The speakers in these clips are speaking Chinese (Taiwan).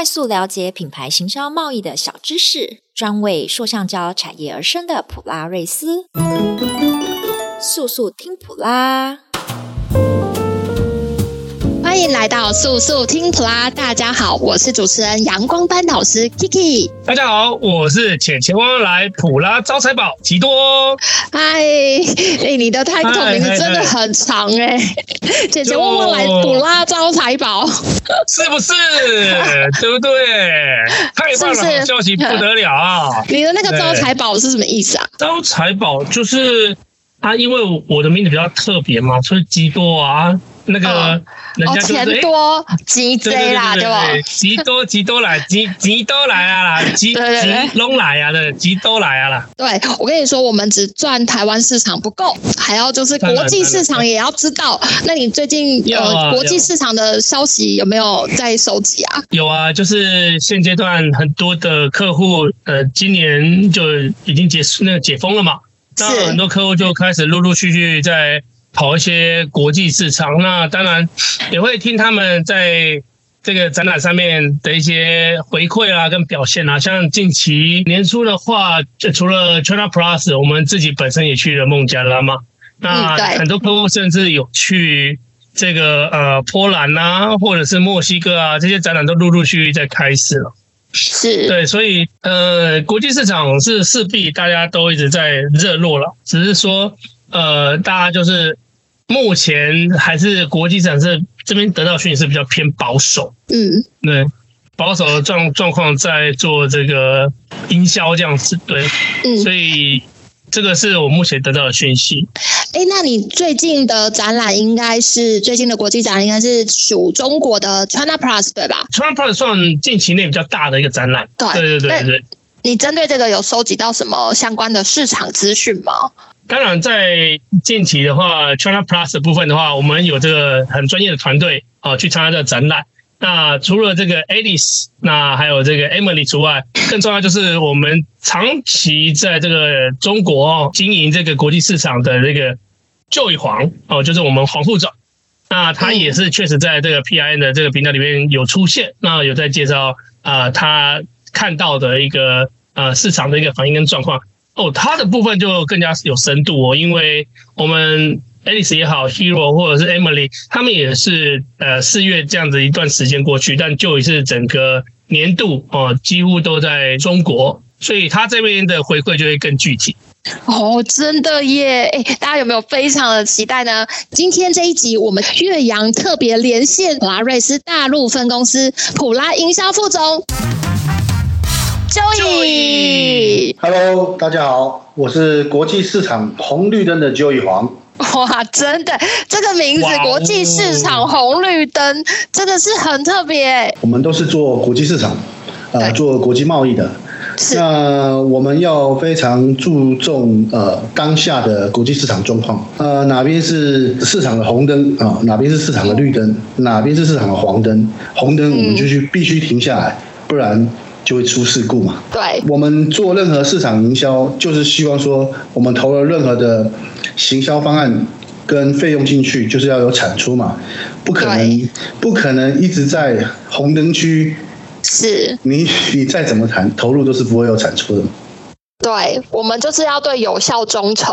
快速了解品牌行銷貿易的小知識，專為塑橡膠產業而生的普拉瑞斯，速速聽普拉。歡迎來到速速聽普拉，大家好，我是主持人陽光班導師 Kiki。大家好，我是錢錢旺旺來普拉招財寶吉多。嗨，哎，你的 title 名字真的很長哎、欸，錢錢旺旺來普拉招財寶是不是？ 對不對？ 太棒了，消息不得了、啊、你的那個招財寶是什麼意思啊？招財寶就是它、啊，因為我的名字比較特別嘛，所以吉多啊。那個，人家、嗯哦、多集集、欸、啦對對對對對，對吧？集多集多來，集集多來啊，集集攏來啊的，集都來啊啦。對，我跟你說，我們只賺台灣市場不夠，還要就是國際市場也要知道。那你最近有、啊呃、國際市場的消息有沒有在收集啊？有啊，就是現階段很多的客戶，呃，今年就已經解那個解封了嘛，那很多客戶就開始陸陸續續在。跑一些國際市場，那當然也會聽他們在這個展覽上面的一些回饋啊，跟表現啊。像近期年初的話，就除了 CHINAPLAS，我們自己本身也去了孟加拉嘛。那很多客戶甚至有去這個呃波蘭啊，或者是墨西哥啊，這些展覽都陸陸續續在開始了。是對，所以呃，國際市場是勢必大家都一直在熱絡了，只是說。呃，大家就是目前還是國際展示這邊得到訊息是比較偏保守，嗯，對，保守的狀狀況在做這個營銷這樣子，對，嗯，所以這個是我目前得到的訊息。哎、欸，那你最近的展覽應該是最近的國際展覽，應該是屬中國的 CHINAPLAS 對吧？CHINAPLAS 算近期內比較大的一個展覽，對對對對。你針對這個有收集到什麼相關的市場資訊嗎？當然，在近期的話，CHINAPLAS 的部分的話，我們有這個很專業的團隊啊、呃，去參加這個展覽。那除了這個 Alice，那還有這個 Emily 除外，更重要的就是我們長期在這個中國、哦、經營這個國際市場的這個 Joey 黃哦，就是我們黃副總。那他也是確實在這個 P I N 的這個頻道裡面有出現，那有在介紹啊、呃，他看到的一個啊、呃、市場的一個反應跟狀況。哦，他的部分就更加有深度哦，因為我們 Alice 也好，Hero 或者是 Emily，他們也是呃四月這樣子一段時間過去，但就也是整個年度哦，幾乎都在中國，所以他這邊的回饋就會更具體。哦，真的耶！哎，大家有沒有非常的期待呢？今天這一集我們遠洋特別連線普拉瑞斯大陸分公司普拉營銷副總。Joey，Hello，大家好，我是國際市場紅綠燈的 Joey 黃。哇，真的，這個名字“哦、國際市場紅綠燈”真的是很特別。我們都是做國際市場，呃，做國際貿易的。是，那我們要非常注重呃當下的國際市場狀況，呃，哪邊是市場的紅燈啊，呃？哪邊是市場的綠燈？哪邊是市場的黃燈？紅燈我們就去必須停下來，嗯、不然。就會出事故嘛？對，我們做任何市場營銷，就是希望說，我們投了任何的行銷方案跟費用進去，就是要有產出嘛，不可能，不可能一直在紅燈區，是你你再怎麼談，投入都是不會有產出的。對，我們就是要對有效忠誠，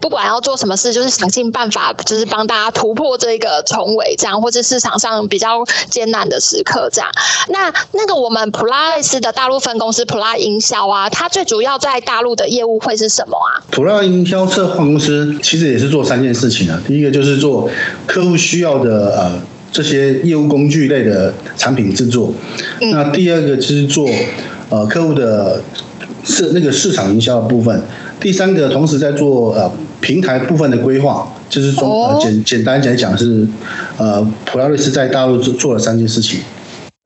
不管要做什麼事，就是想盡辦法，就是幫大家突破這個重圍，這樣或者是市場上比較艱難的時刻，這樣。那那個我們普拉瑞斯的大陸分公司普拉營銷啊，它最主要在大陸的業務會是什麼啊？普拉營銷策劃公司其實也是做三件事情啊，第一個就是做客戶需要的呃這些業務工具類的產品製作，嗯、那第二個就是做呃客戶的。是那個市場營銷的部分，第三個同時在做呃平台部分的規劃，就是說、oh. 呃、簡簡單來講是，呃普拉瑞斯在大陸做做了三件事情。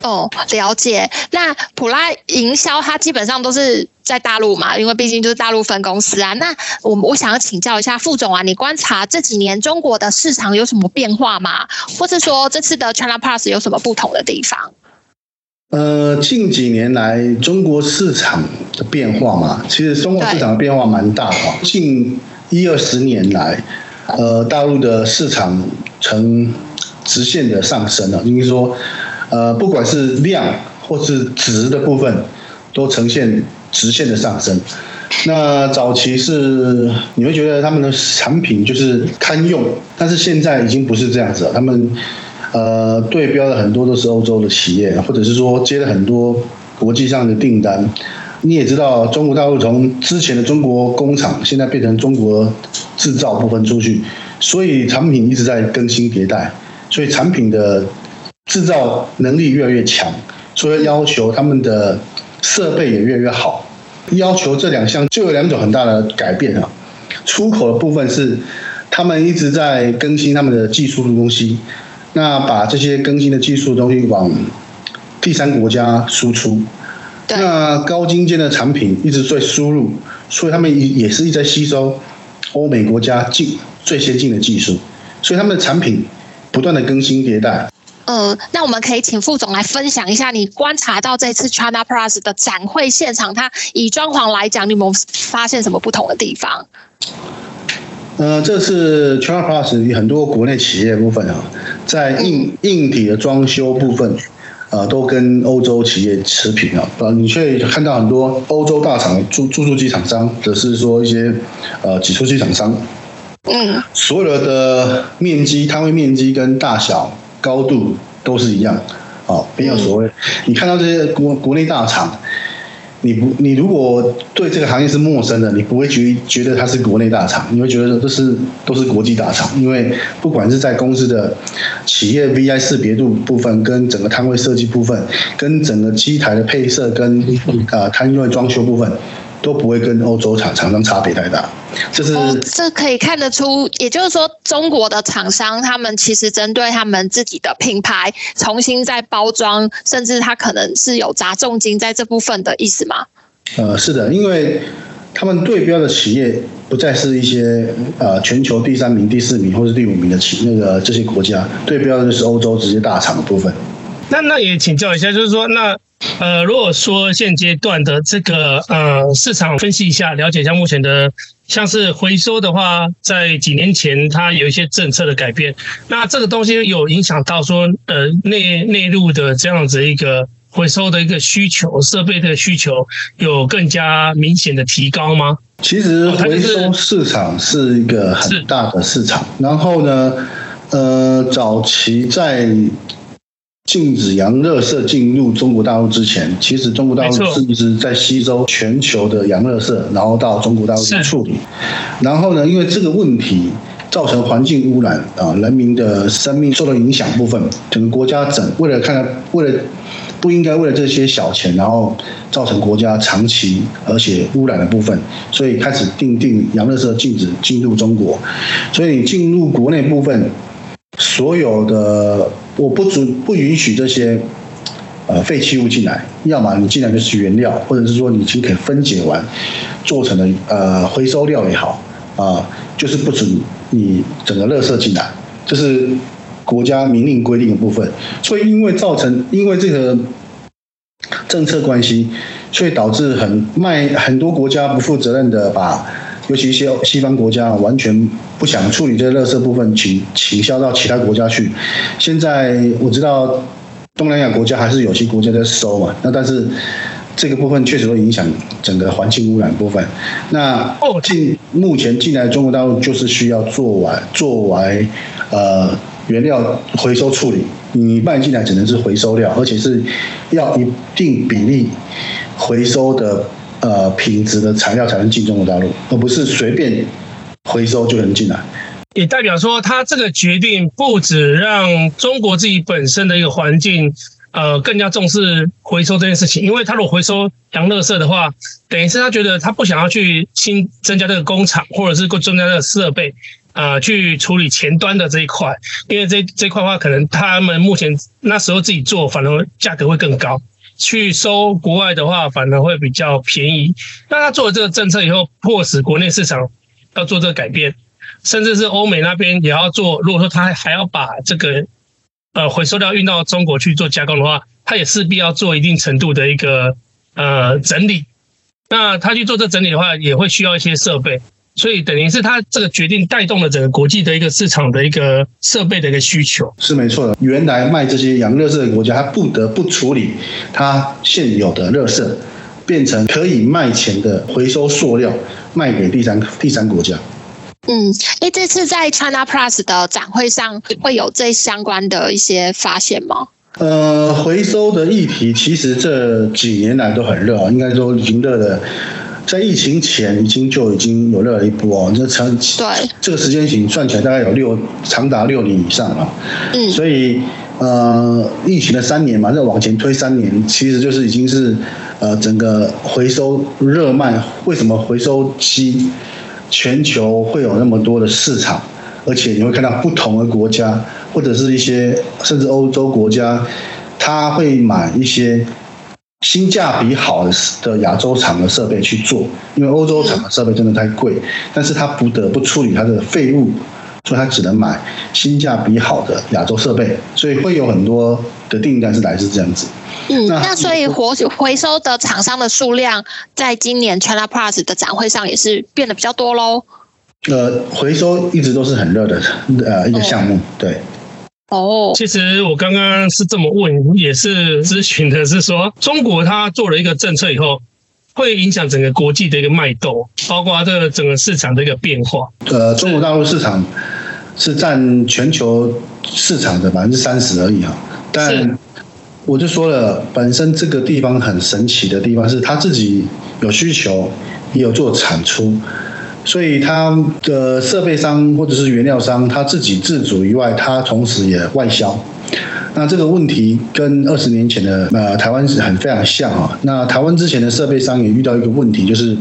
哦、oh,，了解。那普拉營銷它基本上都是在大陸嘛，因為畢竟就是大陸分公司啊。那我我想要請教一下副總啊，你觀察這幾年中國的市場有什麼變化嗎？或者說這次的 CHINAPLAS 有什麼不同的地方？呃，近幾年來，中國市場的變化嘛，其實中國市場的變化蠻大的啊。近一二十年來，呃，大陸的市場呈直線的上升了。應該說，呃，不管是量或是值的部分，都呈現直線的上升。那早期是，你會覺得他們的產品就是堪用，但是現在已經不是這樣子了。他們呃，對標的很多都是歐洲的企業，或者是說接了很多國際上的訂單。你也知道，中國大陸從之前的中國工廠，現在變成中國製造部分出去，所以產品一直在更新迭代，所以產品的製造能力越來越強，所以要求他們的設備也越來越好。要求這兩項就有兩種很大的改變啊。出口的部分是他們一直在更新他們的技術的東西。那把這些更新的技術東西往第三國家輸出，那高精尖的產品一直在輸入，所以他們也也是一直在吸收歐美國家進最先進的技術，所以他們的產品不斷的更新迭代。嗯，那我們可以請副總來分享一下，你觀察到這次 CHINAPLAS 的展會現場，它以裝潢來講，你們發現什麼不同的地方？呃，這次 CHINAPLAS 與很多國內企業部分啊，在硬硬體的裝修部分、啊，呃，都跟歐洲企業持平啊。呃，你卻看到很多歐洲大廠的注注塑機廠商，只、就是說一些呃擠出機廠商，嗯，所有的的面積、攤位面積跟大小、高度都是一樣、啊，哦，沒有所謂、嗯。你看到這些國國內大廠。你不，你如果對這個行業是陌生的，你不會覺覺得它是國內大廠，你會覺得這是都是國際大廠，因為不管是在公司的企業 VI 識別度部分，跟整個攤位設計部分，跟整個機台的配色，跟啊攤位裝修部分。都不會跟歐洲廠廠商差別太大，這是、哦、這可以看得出，也就是說，中國的廠商他們其實針對他們自己的品牌重新再包裝，甚至他可能是有砸重金在這部分的意思嗎？呃，是的，因為他們對標的企業不再是一些呃全球第三名、第四名或是第五名的企那個這些國家，對標的就是歐洲直接大廠的部分。那那也請教一下，就是說那。呃，如果說現階段的這個呃市場分析一下，了解一下目前的，像是回收的話，在幾年前它有一些政策的改變，那這個東西有影響到說呃內內陸的這樣子一個回收的一個需求，設備的需求有更加明顯的提高嗎？其實回收市場是一個很大的市場，然後呢，呃，早期在。禁止洋垃圾進入中國大陸之前，其實中國大陸是一直在吸收全球的洋垃圾，然後到中國大陸去處理。然後呢，因為這個問題造成環境污染啊，人民的生命受到影響部分，整個國家整為了看,看，為了不應該為了這些小錢，然後造成國家長期而且污染的部分，所以開始訂定洋垃圾禁止進入中國。所以進入國內部分所有的。我不准不允許這些，呃，廢棄物進來。要麼你進來就是原料，或者是說你已經可以分解完，做成了呃回收料也好啊，就是不准你整個垃圾進來。這是國家明令規定的部分。所以因為造成因為這個政策關係，所以導致很賣很多國家不負責任的把。尤其一些西方國家完全不想處理這些垃圾部分，傾傾銷到其他國家去。現在我知道東南亞國家還是有些國家在收嘛、啊，那但是這個部分確實會影響整個環境污染部分。那進目前進來中國大陸就是需要做完做完呃原料回收處理，你賣進來只能是回收料，而且是要一定比例回收的。呃，品質的材料才能進中國大陸，而不是隨便回收就能進來。也代表說，他這個決定不只讓中國自己本身的一個環境，呃，更加重視回收這件事情。因為他如果回收洋垃圾的話，等於是他覺得他不想要去新增加這個工廠，或者是增加這個設備啊，呃，去處理前端的這一塊。因為這這塊的話，可能他們目前那時候自己做，反而價格會更高。去收國外的話，反而會比較便宜。那他做了這個政策以後，迫使國內市場要做這個改變，甚至是歐美那邊也要做。如果說他還要把這個呃回收料，運到中國去做加工的話，他也勢必要做一定程度的一個呃整理。那他去做這整理的話，也會需要一些設備。所以等於是他這個決定帶動了整個國際的一個市場的一個設備的一個需求，是沒錯的。原來賣這些洋垃圾的國家，他不得不處理他現有的垃圾，變成可以賣錢的回收塑料，賣給第三第三國家。嗯，哎，這次在 CHINAPLAS 的展會上會有這相關的一些發現嗎？呃，回收的議題其實這幾年來都很熱啊，應該說已經熱了。在疫情前已經就已經有了一波哦，就成這個時間已經算起來大概有六長達六年以上了，嗯，所以呃，疫情的三年嘛，再往前推三年，其實就是已經是呃整個回收熱賣，為什麼回收機全球會有那麼多的市場？而且你會看到不同的國家，或者是一些甚至歐洲國家，他會買一些。性價比好的的亞洲廠的設備去做，因為歐洲廠的設備真的太貴，嗯，但是他不得不處理他的廢物，所以他只能買性價比好的亞洲設備，所以會有很多的訂單是來自這樣子。嗯，那，那所以回回收的廠商的數量，在今年 CHINAPLAS 的展會上也是變得比較多嘍。呃，回收一直都是很熱的呃一個項目，嗯，對。哦、oh.，其實我剛剛是這麼問，也是諮詢的是說，中國它做了一個政策以後，會影響整個國際的一個脈動，包括這個整個市場的一個變化。呃，中國大陸市場是占全球市場的百分之三十而已啊，但我就說了，本身這個地方很神奇的地方是，它自己有需求，也有做產出。所以他的設備商或者是原料商，他自己自主以外，他同時也外銷。那這個問題跟二十年前的呃台灣是很非常像啊。那台灣之前的設備商也遇到一個問題，就是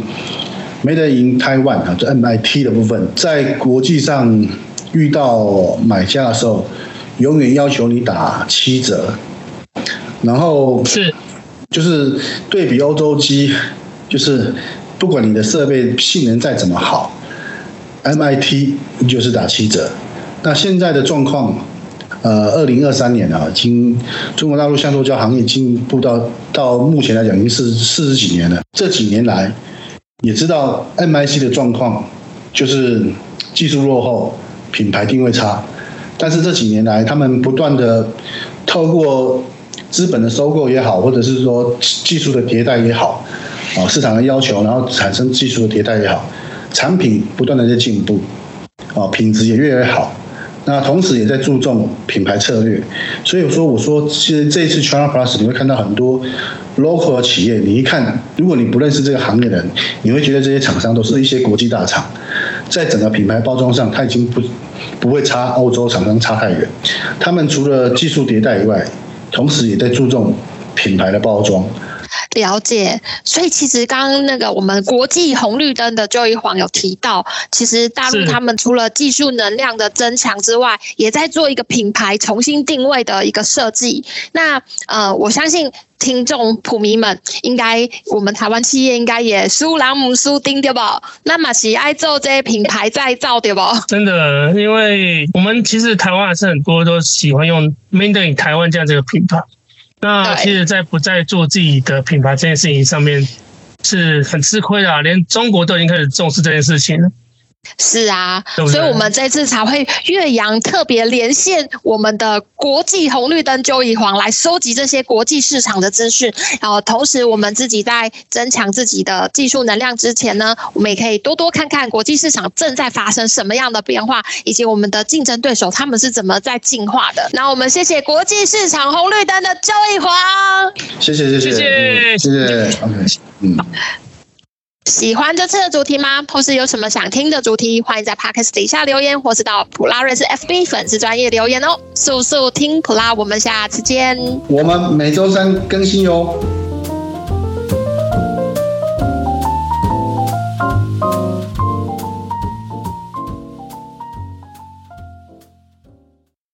沒得贏台灣啊，就 MIT 的部分在國際上遇到買家的時候，永遠要求你打七折，然後是就是對比歐洲機，就是。不管你的設備性能再怎麼好，MIT 就是打七折。那現在的狀況，呃，二零二三年了、啊，已經中國大陸橡塑膠行業進步到到目前來講，已經是四,四十幾年了。這幾年來，也知道 MIC 的狀況就是技術落後、品牌定位差，但是這幾年來，他們不斷的透過資本的收購也好，或者是說技術的迭代也好。啊，市場的要求，然後產生技術的迭代也好，產品不斷的在進步，啊，品質也越來越好。那同時也在注重品牌策略。所以我說，我說其實這一次 CHINAPLAS 你會看到很多 local 企業，你一看，如果你不認識這個行業的人，你會覺得這些廠商都是一些國際大廠，在整個品牌包裝上，它已經不不會差歐洲廠商差太遠。他們除了技術迭代以外，同時也在注重品牌的包裝。了解，所以其實剛，剛那個我們國際紅綠燈的 Joey 黃有提到，其實大陸他們除了技術能量的增強之外，也在做一個品牌重新定位的一個設計。那呃，我相信聽眾普迷們，應該我們台灣企業應該也輸人不輸陣對不？那麼是、愛做這些品牌再造對不？真的，因為我們其實台灣還是很多都喜歡用 Made in Taiwan 這樣這個品牌。那其實，在不再做自己的品牌這件事情上面，是很吃虧的啊，連中國都已經開始重視這件事情了。是啊對對，所以我們這次才會越洋特別連線我們的國際紅綠燈 Joey 黃來收集這些國際市場的資訊然後同時我們自己在增強自己的技術能量之前呢，我們也可以多多看看國際市場正在發生什麼樣的變化，以及我們的競爭對手他們是怎麼在進化的。那我們謝謝國際市場紅綠燈的 Joey 黃，謝謝謝謝謝謝謝謝，嗯。謝謝 okay, 嗯喜歡這次的主題嗎？或是有什麼想聽的主題，歡迎在 podcast 底下留言，或是到普拉瑞斯 FB 粉絲專業留言哦。速速聽普拉，我們下次見。我們每周三更新喲、哦。